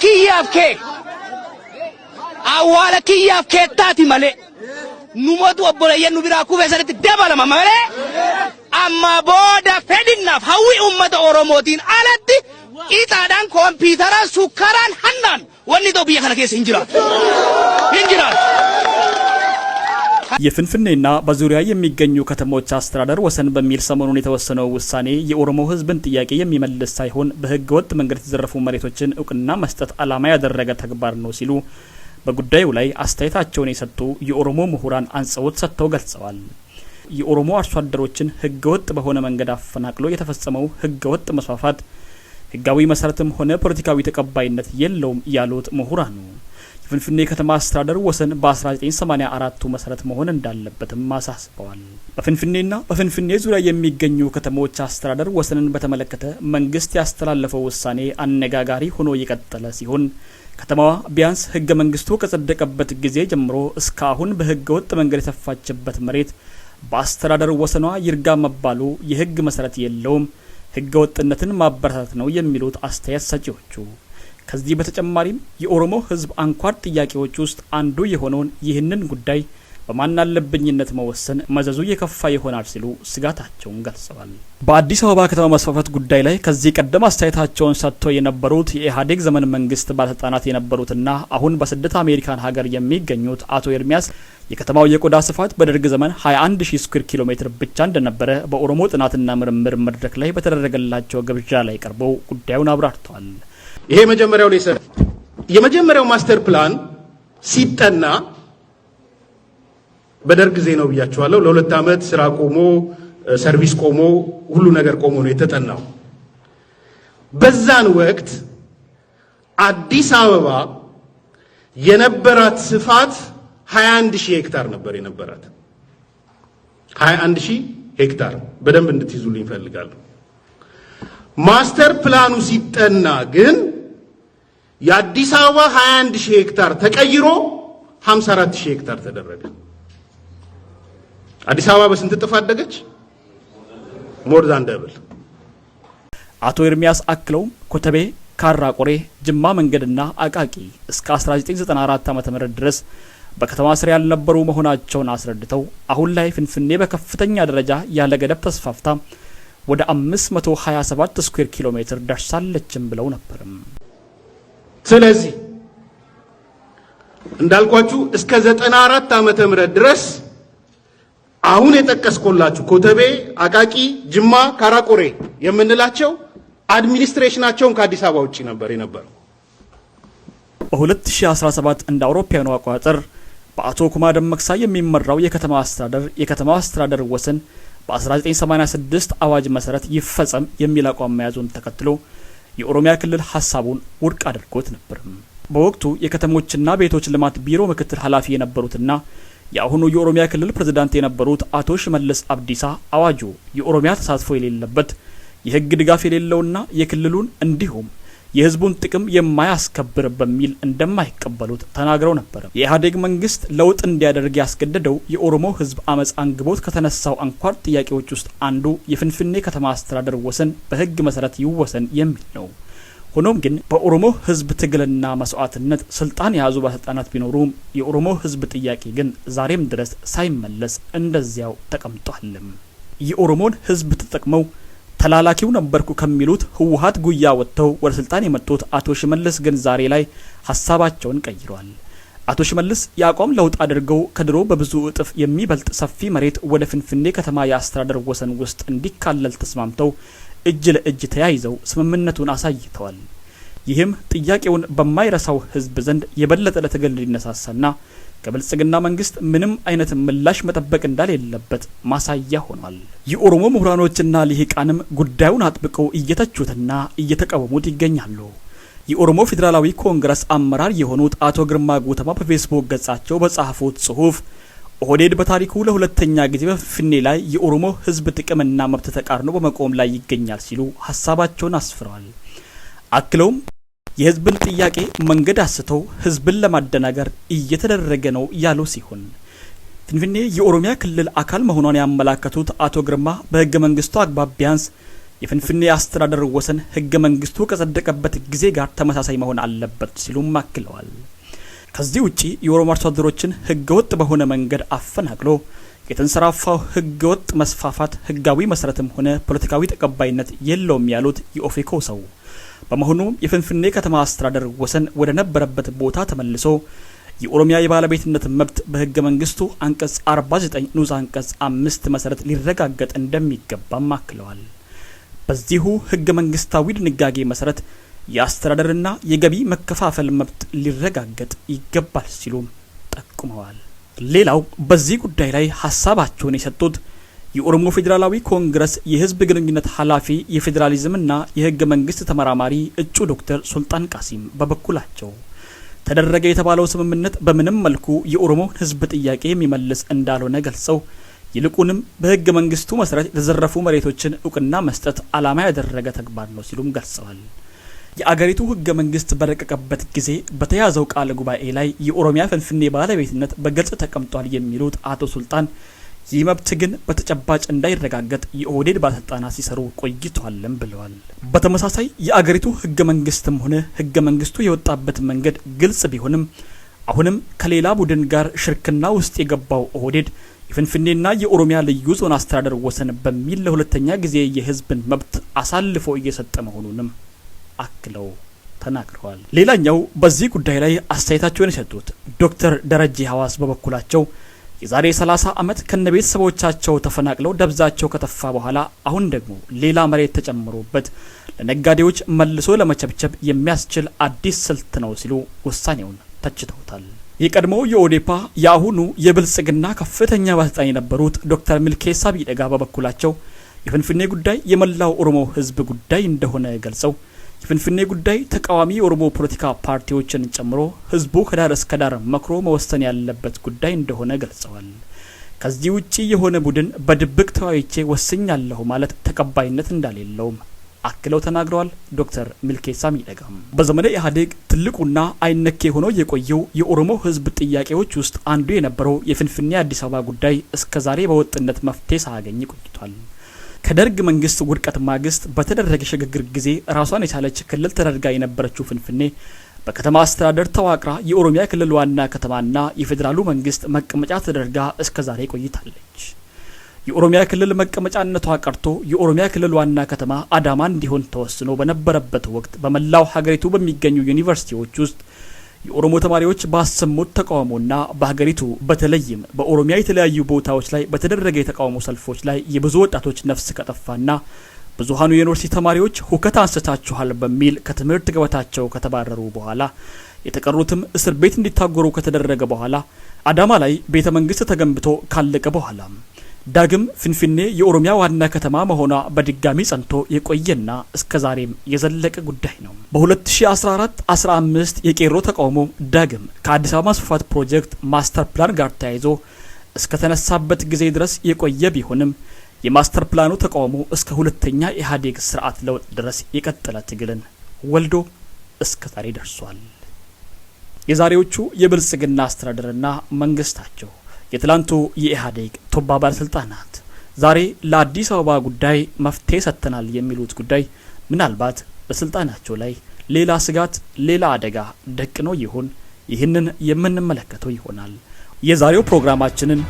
kiyaaf kee awwaala kiyyaaf keettaati malee numatu obboleeyyan nu biraa kufee sanatti dabalama malee amma booda fedhinnaaf hawwi ummata oromootiin alatti ixaadhaan kompiitaraan sukkaraan hannaan wanni tokko biyya kana keessa hin jiraatu የፍንፍኔና በዙሪያ የሚገኙ ከተሞች አስተዳደር ወሰን በሚል ሰሞኑን የተወሰነው ውሳኔ የኦሮሞ ሕዝብን ጥያቄ የሚመልስ ሳይሆን በህገ ወጥ መንገድ የተዘረፉ መሬቶችን እውቅና መስጠት ዓላማ ያደረገ ተግባር ነው ሲሉ በጉዳዩ ላይ አስተያየታቸውን የሰጡ የኦሮሞ ምሁራን አንጸውት ሰጥተው ገልጸዋል። የኦሮሞ አርሶ አደሮችን ሕገ ወጥ በሆነ መንገድ አፈናቅሎ የተፈጸመው ሕገ ወጥ መስፋፋት ህጋዊ መሰረትም ሆነ ፖለቲካዊ ተቀባይነት የለውም ያሉት ነው። የፍንፍኔ ከተማ አስተዳደር ወሰን በ1984ቱ መሰረት መሆን እንዳለበትም አሳስበዋል። በፍንፍኔና በፍንፍኔ ዙሪያ የሚገኙ ከተሞች አስተዳደር ወሰንን በተመለከተ መንግስት ያስተላለፈው ውሳኔ አነጋጋሪ ሆኖ የቀጠለ ሲሆን ከተማዋ ቢያንስ ህገ መንግስቱ ከጸደቀበት ጊዜ ጀምሮ እስከ አሁን በህገ ወጥ መንገድ የሰፋችበት መሬት በአስተዳደር ወሰኗ ይርጋ መባሉ የህግ መሰረት የለውም፣ ህገ ወጥነትን ማበረታት ነው የሚሉት አስተያየት ሰጪዎቹ ከዚህ በተጨማሪም የኦሮሞ ህዝብ አንኳር ጥያቄዎች ውስጥ አንዱ የሆነውን ይህንን ጉዳይ በማናለብኝነት መወሰን መዘዙ የከፋ ይሆናል ሲሉ ስጋታቸውን ገልጸዋል። በአዲስ አበባ ከተማ መስፋፋት ጉዳይ ላይ ከዚህ ቀደም አስተያየታቸውን ሰጥተው የነበሩት የኢህአዴግ ዘመን መንግስት ባለስልጣናት የነበሩትና አሁን በስደት አሜሪካን ሀገር የሚገኙት አቶ ኤርሚያስ የከተማው የቆዳ ስፋት በደርግ ዘመን 21 ሺህ ስኩዌር ኪሎ ሜትር ብቻ እንደነበረ በኦሮሞ ጥናትና ምርምር መድረክ ላይ በተደረገላቸው ግብዣ ላይ ቀርበው ጉዳዩን አብራርተዋል። ይሄ መጀመሪያው ሌሰን የመጀመሪያው ማስተር ፕላን ሲጠና በደርግ ጊዜ ነው ብያቸዋለሁ። ለሁለት ዓመት ስራ ቆሞ ሰርቪስ ቆሞ ሁሉ ነገር ቆሞ ነው የተጠናው። በዛን ወቅት አዲስ አበባ የነበራት ስፋት 21 ሺህ ሄክታር ነበር የነበራት 21 ሺህ ሄክታር። በደንብ እንድትይዙልኝ እፈልጋለሁ። ማስተር ፕላኑ ሲጠና ግን የአዲስ አበባ 21 ሺህ ሄክታር ተቀይሮ 54 ሺህ ሄክታር ተደረገ። አዲስ አበባ በስንት እጥፍ አደገች? ሞር ዛን ደብል። አቶ ኤርሚያስ አክለውም ኮተቤ፣ ካራ ቆሬ፣ ጅማ መንገድና አቃቂ እስከ 1994 ዓ.ም ድረስ በከተማ ስር ያልነበሩ መሆናቸውን አስረድተው አሁን ላይ ፍንፍኔ በከፍተኛ ደረጃ ያለ ገደብ ተስፋፍታ ወደ 527 ስኩዌር ኪሎ ሜትር ደርሳለችም ብለው ነበርም። ስለዚህ እንዳልኳችሁ እስከ 94 ዓመተ ምህረት ድረስ አሁን የጠቀስኩላችሁ ኮተቤ፣ አቃቂ፣ ጅማ፣ ካራቆሬ የምንላቸው አድሚኒስትሬሽናቸውን ከአዲስ አበባ ውጪ ነበር የነበረው። በ2017 እንደ አውሮፓውያኑ አቆጣጠር በአቶ ኩማ ደመቅሳ የሚመራው የከተማ አስተዳደር የከተማ አስተዳደር ወሰን በ1986 አዋጅ መሰረት ይፈጸም የሚል አቋም መያዙን ተከትሎ የኦሮሚያ ክልል ሀሳቡን ውድቅ አድርጎት ነበርም። በወቅቱ የከተሞችና ቤቶች ልማት ቢሮ ምክትል ኃላፊ የነበሩትና የአሁኑ የኦሮሚያ ክልል ፕሬዝዳንት የነበሩት አቶ ሽመልስ አብዲሳ አዋጁ የኦሮሚያ ተሳትፎ የሌለበት የህግ ድጋፍ የሌለውና የክልሉን እንዲሁም የህዝቡን ጥቅም የማያስከብር በሚል እንደማይቀበሉት ተናግረው ነበር። የኢህአዴግ መንግስት ለውጥ እንዲያደርግ ያስገደደው የኦሮሞ ህዝብ አመፅ አንግቦት ከተነሳው አንኳር ጥያቄዎች ውስጥ አንዱ የፍንፍኔ ከተማ አስተዳደር ወሰን በህግ መሰረት ይወሰን የሚል ነው። ሆኖም ግን በኦሮሞ ህዝብ ትግልና መስዋዕትነት ስልጣን የያዙ ባለስልጣናት ቢኖሩም የኦሮሞ ህዝብ ጥያቄ ግን ዛሬም ድረስ ሳይመለስ እንደዚያው ተቀምጧልም። የኦሮሞን ህዝብ ተጠቅመው ተላላኪው ነበርኩ ከሚሉት ህወሀት ጉያ ወጥተው ወደ ስልጣን የመጡት አቶ ሽመልስ ግን ዛሬ ላይ ሀሳባቸውን ቀይረዋል። አቶ ሽመልስ የአቋም ለውጥ አድርገው ከድሮ በብዙ እጥፍ የሚበልጥ ሰፊ መሬት ወደ ፍንፍኔ ከተማ የአስተዳደር ወሰን ውስጥ እንዲካለል ተስማምተው እጅ ለእጅ ተያይዘው ስምምነቱን አሳይተዋል። ይህም ጥያቄውን በማይረሳው ህዝብ ዘንድ የበለጠ ለትግል እንዲነሳሳና ከብልጽግና መንግስት ምንም አይነት ምላሽ መጠበቅ እንዳሌለበት ማሳያ ሆኗል። የኦሮሞ ምሁራኖችና ሊሂቃንም ጉዳዩን አጥብቀው እየተቹትና እየተቃወሙት ይገኛሉ። የኦሮሞ ፌዴራላዊ ኮንግረስ አመራር የሆኑት አቶ ግርማ ጉተማ በፌስቡክ ገጻቸው በጻፉት ጽሁፍ ኦህዴድ በታሪኩ ለሁለተኛ ጊዜ በፍኔ ላይ የኦሮሞ ህዝብ ጥቅምና መብት ተቃርኖ በመቆም ላይ ይገኛል ሲሉ ሀሳባቸውን አስፍረዋል። አክለውም የህዝብን ጥያቄ መንገድ አስተው ህዝብን ለማደናገር እየተደረገ ነው ያሉ ሲሆን ፊንፊኔ የኦሮሚያ ክልል አካል መሆኗን ያመላከቱት አቶ ግርማ በህገ መንግስቱ አግባብ ቢያንስ የፊንፊኔ አስተዳደር ወሰን ህገ መንግስቱ ከጸደቀበት ጊዜ ጋር ተመሳሳይ መሆን አለበት ሲሉም አክለዋል። ከዚህ ውጪ የኦሮሞ አርሶ አደሮችን ህገ ወጥ በሆነ መንገድ አፈናቅሎ የተንሰራፋው ህገ ወጥ መስፋፋት ህጋዊ መሰረትም ሆነ ፖለቲካዊ ተቀባይነት የለውም ያሉት የኦፌኮ ሰው በመሆኑም የፍንፍኔ ከተማ አስተዳደር ወሰን ወደ ነበረበት ቦታ ተመልሶ የኦሮሚያ የባለቤትነት መብት በህገ መንግስቱ አንቀጽ 49 ንዑስ አንቀጽ አምስት መሰረት ሊረጋገጥ እንደሚገባም አክለዋል። በዚሁ ህገ መንግስታዊ ድንጋጌ መሰረት የአስተዳደርና የገቢ መከፋፈል መብት ሊረጋገጥ ይገባል ሲሉም ጠቁመዋል። ሌላው በዚህ ጉዳይ ላይ ሀሳባቸውን የሰጡት የኦሮሞ ፌዴራላዊ ኮንግረስ የህዝብ ግንኙነት ኃላፊ የፌዴራሊዝምና የህገ መንግስት ተመራማሪ እጩ ዶክተር ሱልጣን ቃሲም በበኩላቸው ተደረገ የተባለው ስምምነት በምንም መልኩ የኦሮሞን ህዝብ ጥያቄ የሚመልስ እንዳልሆነ ገልጸው ይልቁንም በህገ መንግስቱ መሰረት የተዘረፉ መሬቶችን እውቅና መስጠት ዓላማ ያደረገ ተግባር ነው ሲሉም ገልጸዋል። የአገሪቱ ህገ መንግስት በረቀቀበት ጊዜ በተያዘው ቃለ ጉባኤ ላይ የኦሮሚያ ፍንፍኔ ባለቤትነት በግልጽ ተቀምጧል የሚሉት አቶ ሱልጣን ይህ መብት ግን በተጨባጭ እንዳይረጋገጥ የኦህዴድ ባለስልጣናት ሲሰሩ ቆይቷልም ብለዋል። በተመሳሳይ የአገሪቱ ህገ መንግስትም ሆነ ህገ መንግስቱ የወጣበት መንገድ ግልጽ ቢሆንም አሁንም ከሌላ ቡድን ጋር ሽርክና ውስጥ የገባው ኦህዴድ የፍንፍኔና የኦሮሚያ ልዩ ዞን አስተዳደር ወሰን በሚል ለሁለተኛ ጊዜ የህዝብን መብት አሳልፎ እየሰጠ መሆኑንም አክለው ተናግረዋል። ሌላኛው በዚህ ጉዳይ ላይ አስተያየታቸውን የሰጡት ዶክተር ደረጀ ሐዋስ በበኩላቸው የዛሬ 30 ዓመት ከነቤተሰቦቻቸው ተፈናቅለው ደብዛቸው ከተፋ በኋላ አሁን ደግሞ ሌላ መሬት ተጨምሮበት ለነጋዴዎች መልሶ ለመቸብቸብ የሚያስችል አዲስ ስልት ነው ሲሉ ውሳኔውን ተችተውታል። የቀድሞው የኦዴፓ የአሁኑ የብልጽግና ከፍተኛ ባለስልጣን የነበሩት ዶክተር ሚልኬሳ ቢደጋ በበኩላቸው የፍንፍኔ ጉዳይ የመላው ኦሮሞ ሕዝብ ጉዳይ እንደሆነ ገልጸው የፍንፍኔ ጉዳይ ተቃዋሚ የኦሮሞ ፖለቲካ ፓርቲዎችን ጨምሮ ህዝቡ ከዳር እስከ ዳር መክሮ መወሰን ያለበት ጉዳይ እንደሆነ ገልጸዋል። ከዚህ ውጪ የሆነ ቡድን በድብቅ ተወያይቼ ወስኛለሁ ማለት ተቀባይነት እንዳሌለውም አክለው ተናግረዋል። ዶክተር ሚልኬሳ ሚደጋም በዘመነ ኢህአዴግ ትልቁና አይነኬ ሆኖ የቆየው የኦሮሞ ህዝብ ጥያቄዎች ውስጥ አንዱ የነበረው የፍንፍኔ አዲስ አበባ ጉዳይ እስከዛሬ በወጥነት መፍትሄ ሳያገኝ ቆይቷል። ከደርግ መንግስት ውድቀት ማግስት በተደረገ ሽግግር ጊዜ ራሷን የቻለች ክልል ተደርጋ የነበረችው ፍንፍኔ በከተማ አስተዳደር ተዋቅራ የኦሮሚያ ክልል ዋና ከተማና የፌዴራሉ መንግስት መቀመጫ ተደርጋ እስከ ዛሬ ቆይታለች። የኦሮሚያ ክልል መቀመጫነቷ ቀርቶ የኦሮሚያ ክልል ዋና ከተማ አዳማ እንዲሆን ተወስኖ በነበረበት ወቅት በመላው ሀገሪቱ በሚገኙ ዩኒቨርሲቲዎች ውስጥ የኦሮሞ ተማሪዎች ባሰሙት ተቃውሞና በሀገሪቱ በተለይም በኦሮሚያ የተለያዩ ቦታዎች ላይ በተደረገ የተቃውሞ ሰልፎች ላይ የብዙ ወጣቶች ነፍስ ከጠፋና ብዙሀኑ የዩኒቨርሲቲ ተማሪዎች ሁከት አንስታችኋል በሚል ከትምህርት ገበታቸው ከተባረሩ በኋላ የተቀሩትም እስር ቤት እንዲታጎሩ ከተደረገ በኋላ አዳማ ላይ ቤተ መንግስት ተገንብቶ ካለቀ በኋላ ዳግም ፍንፍኔ የኦሮሚያ ዋና ከተማ መሆኗ በድጋሚ ጸንቶ የቆየና እስከ ዛሬም የዘለቀ ጉዳይ ነው። በ2014 15 የቄሮ ተቃውሞ ዳግም ከአዲስ አበባ ማስፋፋት ፕሮጀክት ማስተር ፕላን ጋር ተያይዞ እስከተነሳበት ጊዜ ድረስ የቆየ ቢሆንም የማስተር ፕላኑ ተቃውሞ እስከ ሁለተኛ ኢህአዴግ ስርዓት ለውጥ ድረስ የቀጠለ ትግልን ወልዶ እስከ ዛሬ ደርሷል። የዛሬዎቹ የብልጽግና አስተዳደርና መንግስታቸው የትላንቱ የኢህአዴግ ቶባ ባለስልጣናት ዛሬ ለአዲስ አበባ ጉዳይ መፍትሄ ሰጥተናል የሚሉት ጉዳይ ምናልባት በስልጣናቸው ላይ ሌላ ስጋት፣ ሌላ አደጋ ደቅኖ ይሆን? ይህንን የምንመለከተው ይሆናል። የዛሬው ፕሮግራማችንን